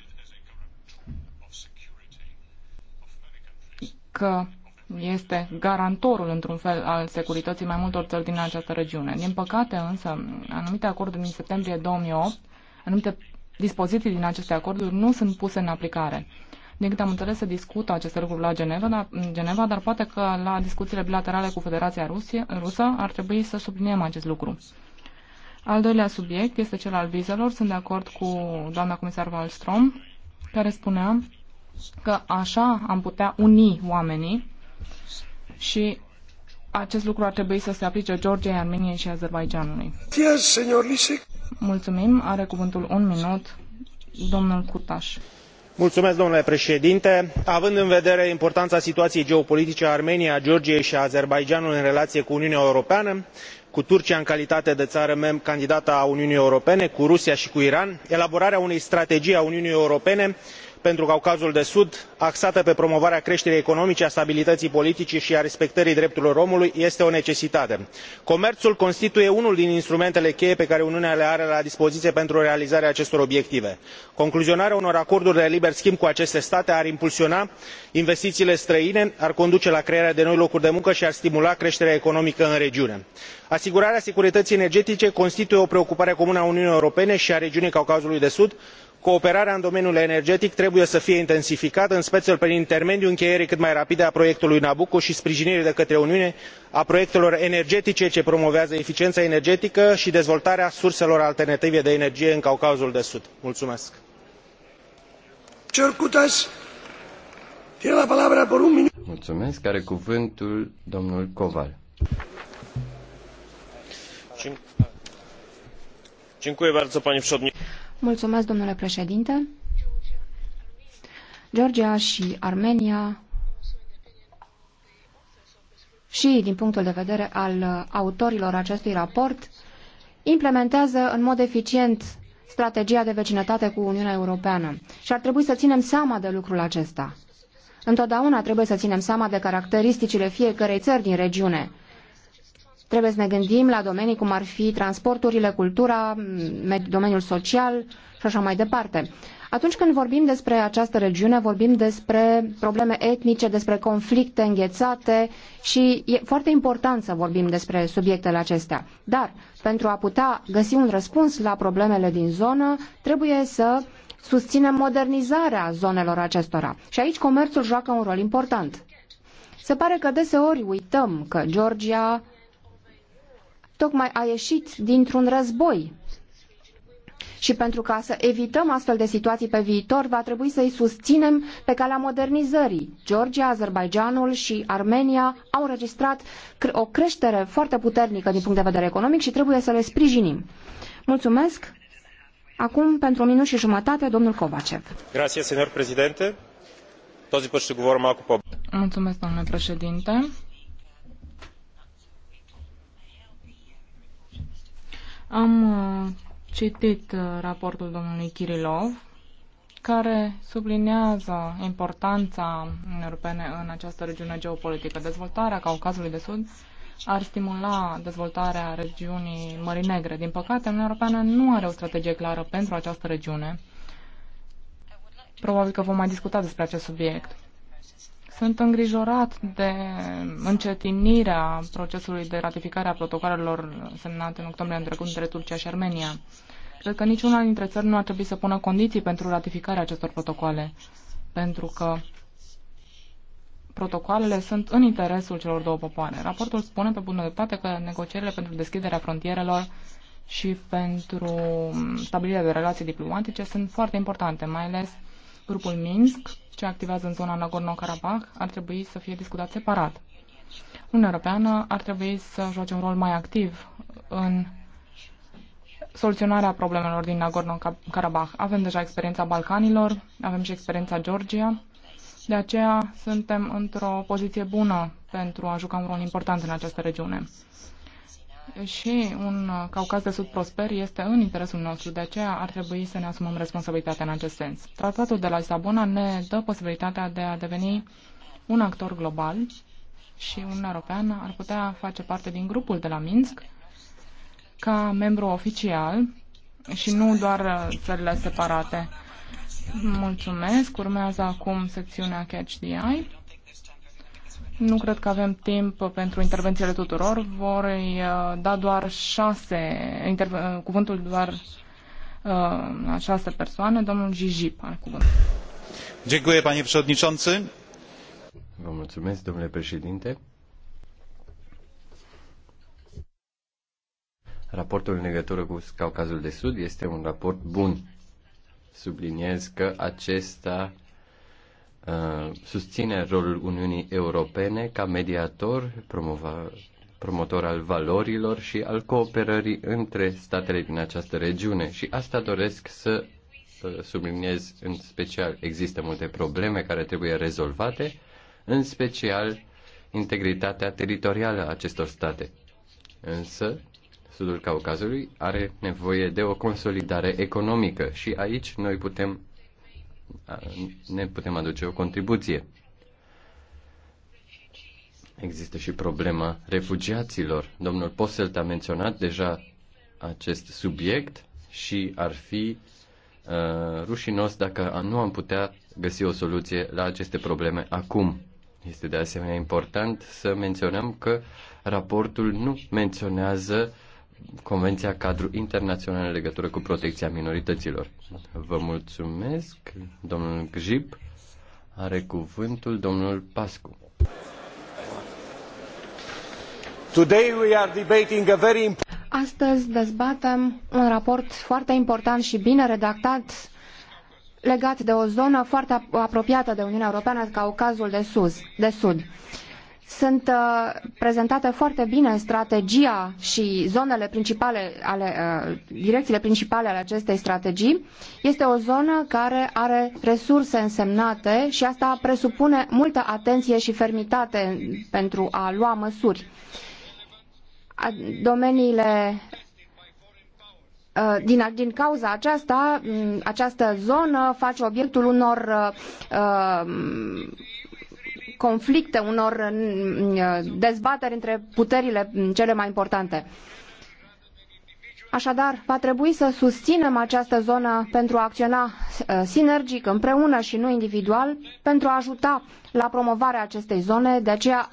Că este garantorul, într-un fel, al securității mai multor țări din această regiune. Din păcate, însă, anumite acorduri din septembrie 2008 anumite dispoziții din aceste acorduri nu sunt puse în aplicare. Din câte am înțeles, se discută aceste lucruri la Geneva, dar, Geneva, dar poate că la discuțiile bilaterale cu Federația Rusie, Rusă ar trebui să subliniem acest lucru. Al doilea subiect este cel al vizelor. Sunt de acord cu doamna comisar Wallström, care spunea că așa am putea uni oamenii și acest lucru ar trebui să se aplice Georgiei, Armeniei și Azerbaijanului. Mulțumim. Are cuvântul un minut domnul Cutaș. Mulțumesc, domnule președinte. având în vedere importanța situației geopolitice a armeniei a georgiei și a azerbaidjanului în relație cu uniunea europeană cu turcia în calitate de țară candidată a uniunii europene cu rusia și cu iran elaborarea unei strategii a uniunii europene pentru caucazul de sud axată pe promovarea creterii economice a stabilităii politice i a respectării drepturilor omului este o necesitate. comerul constituie unul din instrumentele cheie pe care uniunea le are la dispoziie pentru realizarea acestor obiective. concluzionarea unor acorduri de liber schimb cu aceste state ar impulsiona investiiile străine ar conduce la crearea de noi locuri de muncă i ar stimula creterea economică în regiune. asigurarea securităii energetice constituie o preocupare comună a uniunii europene i a regiunii caucazului de sud cooperarea în domeniul energetic trebuie să fie intensificată în special prin intermediul încheierii cât mai rapide a proiectului nabucco i sprijinirii de către uniune a proiectelor energetice ce promovează eficiena energetică i dezvoltarea surselor alternative de energie în caucazul de sud. Mulțumesc, domnule președinte. Georgia și Armenia și din punctul de vedere al autorilor acestui raport, implementează în mod eficient strategia de vecinătate cu Uniunea Europeană și ar trebui să ținem seama de lucrul acesta. Întotdeauna trebuie să ținem seama de caracteristicile fiecarei țări din regiune Trebuie să ne gândim la domenii cum ar fi transporturile, cultura, domeniul social și așa mai departe. Atunci când vorbim despre această regiune, vorbim despre probleme etnice, despre conflicte înghețate și e foarte important să vorbim despre subiectele acestea. Dar pentru a putea găsi un răspuns la problemele din zonă, trebuie să susținem modernizarea zonelor acestora. Și aici comerțul joacă un rol important. Se pare că deseori uităm că Georgia tocmai a ieșit dintr-un război. Și pentru ca să evităm astfel de situații pe viitor, va trebui să îi susținem pe calea modernizării. Georgia, Azerbaijanul și Armenia au registrat o creștere foarte puternică din punct de vedere economic și trebuie să le sprijinim. Mulțumesc! Acum, pentru un minut și jumătate, domnul Kovacev. Mulțumesc, domnule președinte. Am uh, citit uh, raportul domnului Kirilov, care sublinează importanța europene în această regiune geopolitică. Dezvoltarea Caucazului de Sud ar stimula dezvoltarea regiunii Mării Negre. Din păcate, Uniunea Europeană nu are o strategie clară pentru această regiune. Probabil că vom mai discuta despre acest subiect. Sunt îngrijorat de încetinirea procesului de ratificare a protocolelor semnate în octombrie în trecut între Turcia și Armenia. Cred că niciuna dintre țări nu ar trebui să pună condiții pentru ratificarea acestor protocoale, pentru că protocoalele sunt în interesul celor două popoare. Raportul spune pe bună dreptate că negocierile pentru deschiderea frontierelor și pentru stabilirea de relații diplomatice sunt foarte importante, mai ales grupul Minsk, ce activează în zona Nagorno-Karabakh, ar trebui să fie discutat separat. Uniunea Europeană ar trebui să joace un rol mai activ în soluționarea problemelor din Nagorno-Karabakh. Avem deja experiența Balcanilor, avem și experiența Georgia, de aceea suntem într-o poziție bună pentru a juca un rol important în această regiune și un uh, Caucaz de Sud prosper este în interesul nostru, de aceea ar trebui să ne asumăm responsabilitatea în acest sens. Tratatul de la Lisabona ne dă posibilitatea de a deveni un actor global și un european. ar putea face parte din grupul de la Minsk ca membru oficial și nu doar uh, țările separate. Mulțumesc. Urmează acum secțiunea Catch the Eye. Nu cred că avem timp pentru intervențiile tuturor. Vor uh, da doar șase, uh, cuvântul doar la uh, șase persoane. Domnul Jijip are cuvântul. Dziękuję, panie przewodniczący. Vă mulțumesc, domnule președinte. Raportul în legătură cu Caucazul de Sud este un raport bun. Subliniez că acesta Uh, susține rolul Uniunii Europene ca mediator, promova, promotor al valorilor și al cooperării între statele din această regiune. Și asta doresc să uh, subliniez în special. Există multe probleme care trebuie rezolvate, în special integritatea teritorială a acestor state. Însă, Sudul Caucazului are nevoie de o consolidare economică și aici noi putem ne putem aduce o contribuție. Există și problema refugiaților. Domnul Poselt a menționat deja acest subiect și ar fi uh, rușinos dacă nu am putea găsi o soluție la aceste probleme acum. Este de asemenea important să menționăm că raportul nu menționează uh, Convenția Cadru Internațional în legătură cu protecția minorităților. Vă mulțumesc, domnul Gjib. Are cuvântul domnul Pascu. Today we are debating a very Astăzi dezbatem un raport foarte important și bine redactat legat de o zonă foarte apropiată de Uniunea Europeană, ca o cazul de, sus, de Sud sunt uh, prezentate foarte bine strategia și zonele principale ale, uh, direcțiile principale ale acestei strategii. Este o zonă care are resurse însemnate și asta presupune multă atenție și fermitate pentru a lua măsuri. Domeniile uh, din, din cauza aceasta, această zonă face obiectul unor uh, conflicte, unor mm, mm, dezbateri între puterile mm, cele mai importante. Așadar, va trebui să susținem această zonă pentru a acționa uh, sinergic, împreună și nu individual, pentru a ajuta la promovarea acestei zone. De aceea,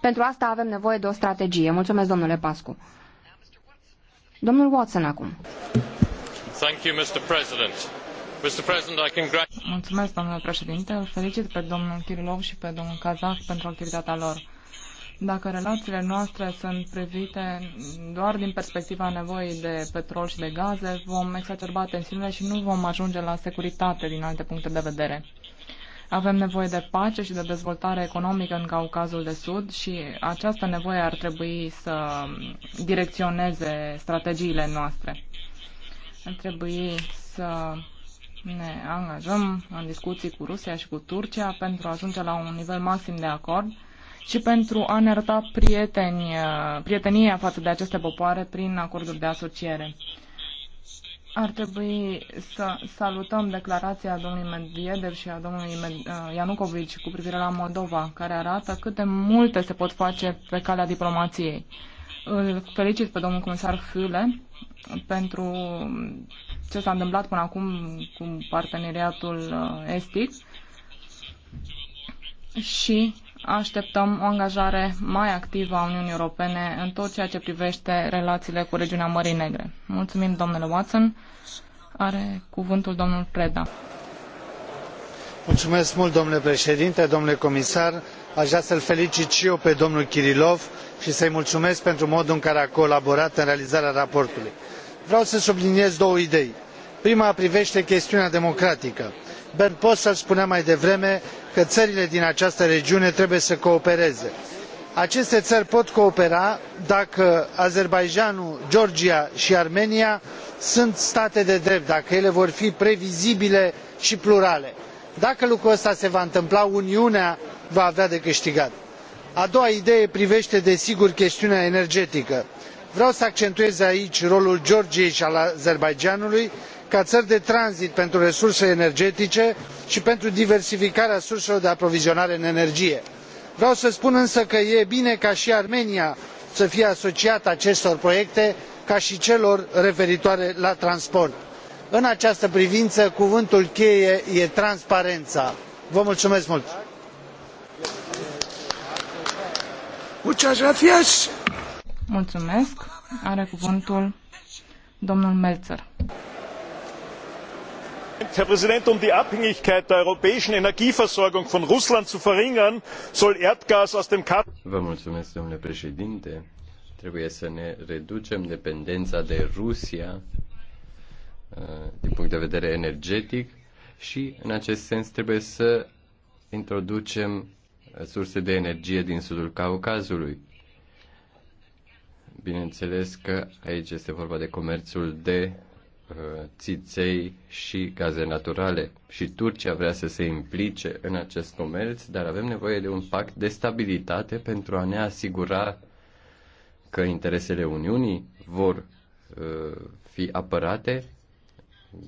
pentru asta avem nevoie de o strategie. Mulțumesc, domnule Pascu. Domnul Watson acum. Thank you, Mr. President. Mulțumesc, domnule președinte. Îl felicit pe domnul Kirilov și pe domnul Kazak pentru activitatea lor. Dacă relațiile noastre sunt privite doar din perspectiva nevoii de petrol și de gaze, vom exacerba tensiunile și nu vom ajunge la securitate din alte puncte de vedere. Avem nevoie de pace și de dezvoltare economică în Caucazul de Sud și această nevoie ar trebui să direcționeze strategiile noastre. Ar trebui să ne angajăm în discuții cu Rusia și cu Turcia pentru a ajunge la un nivel maxim de acord și pentru a ne arăta prieteni, prietenia față de aceste popoare prin acorduri de asociere. Ar trebui să salutăm declarația domnului Medvedev și a domnului uh, Ianucovici cu privire la Moldova, care arată cât de multe se pot face pe calea diplomației. Îl felicit pe domnul comisar Fule pentru ce s-a întâmplat până acum cu parteneriatul uh, estic și așteptăm o angajare mai activă a Uniunii Europene în tot ceea ce privește relațiile cu regiunea Mării Negre. Mulțumim, domnule Watson. Are cuvântul domnul Preda. Mulțumesc mult, domnule președinte, domnule comisar. Aș vrea să-l felicit și eu pe domnul Kirilov și să-i mulțumesc pentru modul în care a colaborat în realizarea raportului vreau să subliniez două idei prima privete chestiunea democratică bernd posselt spunea mai devreme că ările din această regiune trebuie să coopereze. aceste ări pot coopera dacă azerbaidjanul georgia i armenia sunt state de drept dacă ele vor fi previzibile i plurale. dacă lucrul acesta se va întâmpla uniunea va avea de câtigat. a doua idee privete desigur chestiunea energetică vreau să accentuez aici rolul georgiei i al azerbaidjanului ca ări de tranzit pentru resurse energetice i pentru diversificarea surselor de aprovizionare în energie. vreau să spun însă că e bine ca i armenia să fie asociată acestor proiecte ca i celor referitoare la transport. în această privină cuvântul cheie e transparena. vă mulumesc mult! Mulțumesc. Are cuvântul domnul Melzer. Herr Präsident, um die Abhängigkeit der europäischen Energieversorgung von Russland zu verringern, soll Erdgas aus dem Vă mulțumesc, domnule președinte. Trebuie să ne reducem dependența de Rusia uh, din punct de vedere energetic și, în acest sens, trebuie să introducem uh, surse de energie din sudul Caucazului Bineînțeles că aici este vorba de comerțul de uh, țiței și gaze naturale. Și Turcia vrea să se implice în acest comerț, dar avem nevoie de un pact de stabilitate pentru a ne asigura că interesele Uniunii vor uh, fi apărate,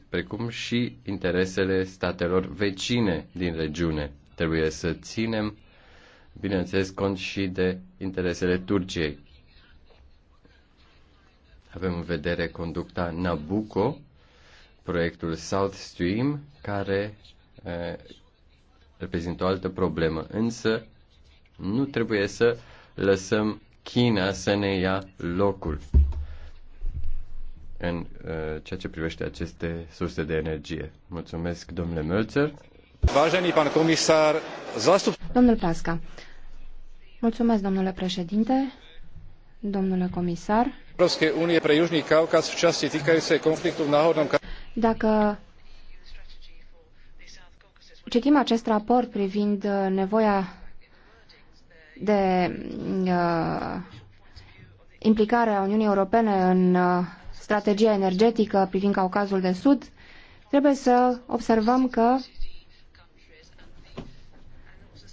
precum și interesele statelor vecine din regiune. Trebuie să ținem, bineînțeles, cont și de interesele Turciei. Avem în vedere conducta Nabucco, proiectul South Stream, care reprezintă o altă problemă. Însă, nu trebuie să lăsăm China să ne ia locul în uh, ceea ce privește aceste surse de energie. Mulțumesc, domnule Mölzer. comisar, zastup... Domnul Pasca, mulțumesc, domnule președinte domnule comisar. Unie pre Južný Kaukaz v časti týkajúcej konfliktu v Náhornom Dacă citim acest raport privind nevoia de uh, implicare a Uniunii Europene în uh, strategia energetică privind Caucazul de Sud, trebuie să observăm că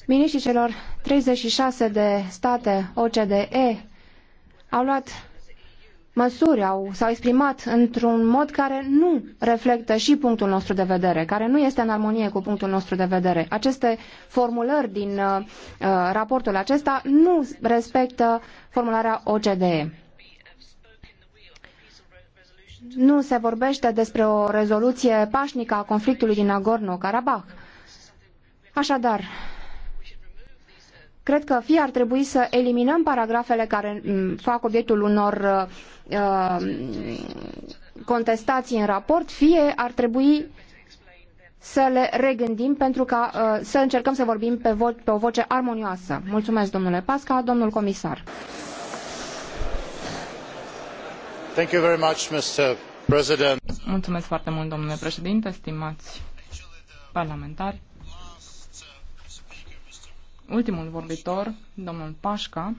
miniștrii celor 36 de state OCDE au luat măsuri, au, s-au exprimat într-un mod care nu reflectă și punctul nostru de vedere, care nu este în armonie cu punctul nostru de vedere. Aceste formulări din uh, uh raportul acesta nu respectă formularea OCDE. Nu se vorbește despre o rezoluție pașnică a conflictului din Nagorno-Karabakh. Așadar, Cred că fie ar trebui să eliminăm paragrafele care mm, fac obiectul unor uh, uh, contestații în raport, fie ar trebui să le regândim pentru ca uh, să încercăm să vorbim pe, vo pe o voce armonioasă. Mulțumesc, domnule Pasca, domnul comisar. Thank you very much, Mr. President. Mulțumesc foarte mult, domnule președinte, stimați parlamentari. Ultimul vorbitor, domnul Pașca,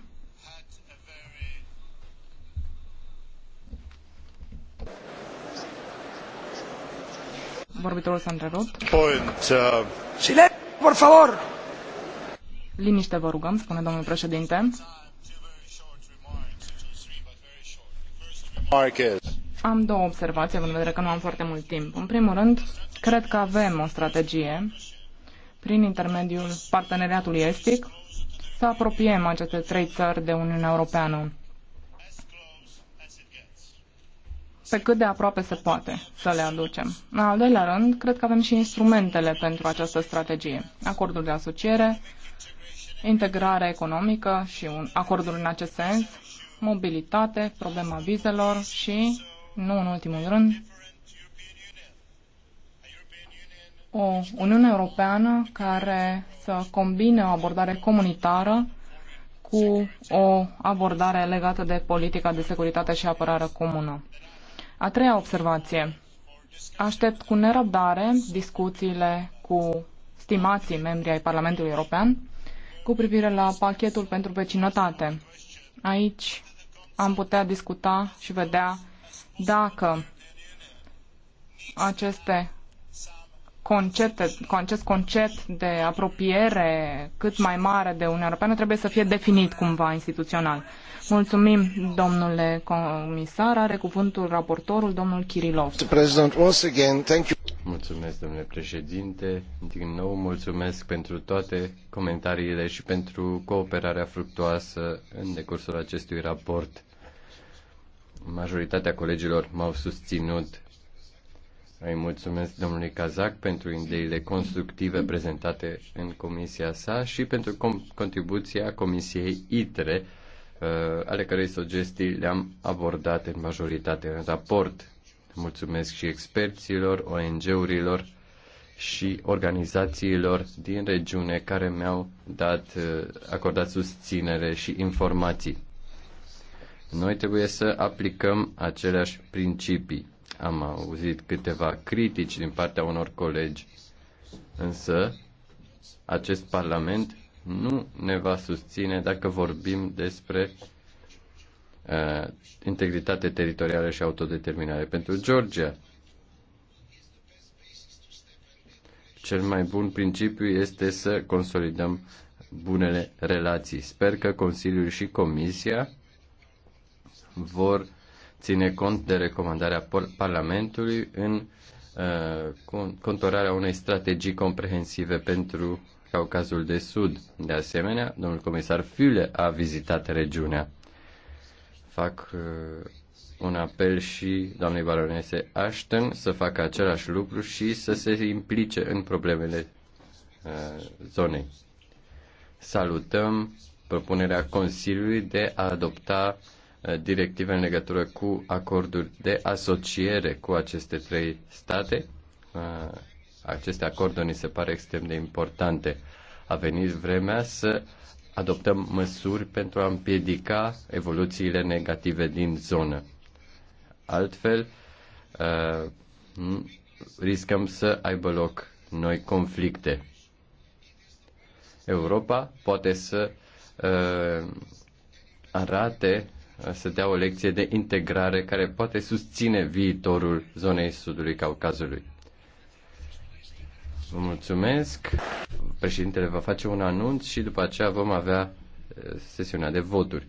Vorbitorul s-a întrerupt. Point, uh... por favor! Liniște vă rugăm, spune domnul președinte. Am două observații, având în vedere că nu am foarte mult timp. În primul rând, cred că avem o strategie prin intermediul parteneriatului estic, să apropiem aceste trei țări de Uniunea Europeană pe cât de aproape se poate să le aducem. În al doilea rând, cred că avem și instrumentele pentru această strategie. Acordul de asociere, integrare economică și un acordul în acest sens, mobilitate, problema vizelor și, nu în ultimul rând, o Uniune Europeană care să combine o abordare comunitară cu o abordare legată de politica de securitate și apărare comună. A treia observație. Aștept cu nerăbdare discuțiile cu stimații membri ai Parlamentului European cu privire la pachetul pentru vecinătate. Aici am putea discuta și vedea dacă aceste concept, acest concept de apropiere cât mai mare de Uniunea Europeană trebuie să fie definit cumva instituțional. Mulțumim, domnule comisar. Are cuvântul raportorul, domnul Kirilov. Mulțumesc, domnule președinte. Din nou mulțumesc pentru toate comentariile și pentru cooperarea fructuoasă în decursul acestui raport. Majoritatea colegilor m-au susținut îi mulțumesc domnului Cazac pentru ideile constructive prezentate în comisia sa și pentru contribuția comisiei ITRE, uh, ale cărei sugestii le-am abordat în majoritate în raport. Mulțumesc și experților, ONG-urilor și organizațiilor din regiune care mi-au dat, uh, acordat susținere și informații. Noi trebuie să aplicăm aceleași principii am auzit câteva critici din partea unor colegi, însă acest Parlament nu ne va susține dacă vorbim despre uh, integritate teritorială și autodeterminare. Pentru Georgia, cel mai bun principiu este să consolidăm bunele relații. Sper că Consiliul și Comisia vor ține cont de recomandarea Parlamentului în uh, contorarea unei strategii comprehensive pentru Caucazul de Sud. De asemenea, domnul comisar Fiule a vizitat regiunea. Fac uh, un apel și doamnei baronese Ashton să facă același lucru și să se implice în problemele uh, zonei. Salutăm propunerea Consiliului de a adopta Uh, directive în legătură cu acorduri de asociere cu aceste trei state. Uh, aceste acorduri ni se pare extrem de importante. A venit vremea să adoptăm măsuri pentru a împiedica evoluțiile negative din zonă. Altfel, uh, riscăm să aibă loc noi conflicte. Europa poate să uh, arate să dea o lecție de integrare care poate susține viitorul zonei sudului Caucazului. Vă mulțumesc. Președintele va face un anunț și după aceea vom avea eh, sesiunea de voturi.